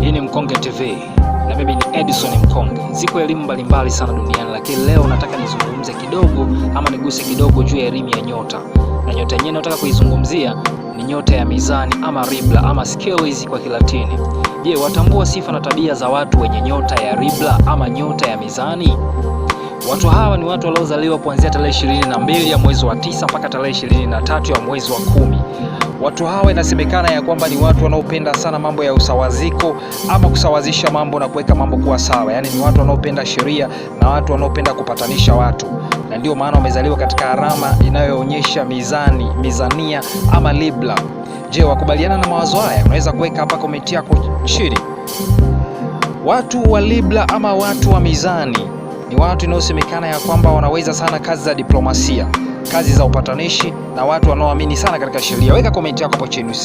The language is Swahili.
Hii ni Mkonge TV na mimi ni Edison Mkonge. Ziko elimu mbalimbali sana duniani, lakini leo nataka nizungumze kidogo ama niguse kidogo juu ya elimu ya nyota, na nyota yenyewe nataka kuizungumzia ni nyota ya mizani ama Libra ama Scales kwa Kilatini. Je, watambua sifa na tabia za watu wenye nyota ya Libra ama nyota ya mizani? Watu hawa ni watu waliozaliwa kuanzia tarehe 22 ya mwezi wa tisa mpaka tarehe 23 ya mwezi wa kumi Watu hawa inasemekana ya kwamba ni watu wanaopenda sana mambo ya usawaziko ama kusawazisha mambo na kuweka mambo kuwa sawa, yaani ni watu wanaopenda sheria na watu wanaopenda kupatanisha watu, na ndio maana wamezaliwa katika alama inayoonyesha mizani, mizania ama libra. Je, wakubaliana na mawazo haya? Unaweza kuweka hapa komenti yako chini. Watu wa libra ama watu wa mizani ni watu inayosemekana ya kwamba wanaweza sana kazi za diplomasia, kazi za upatanishi na watu wanaoamini sana katika sheria. Weka komenti yako hapo chini.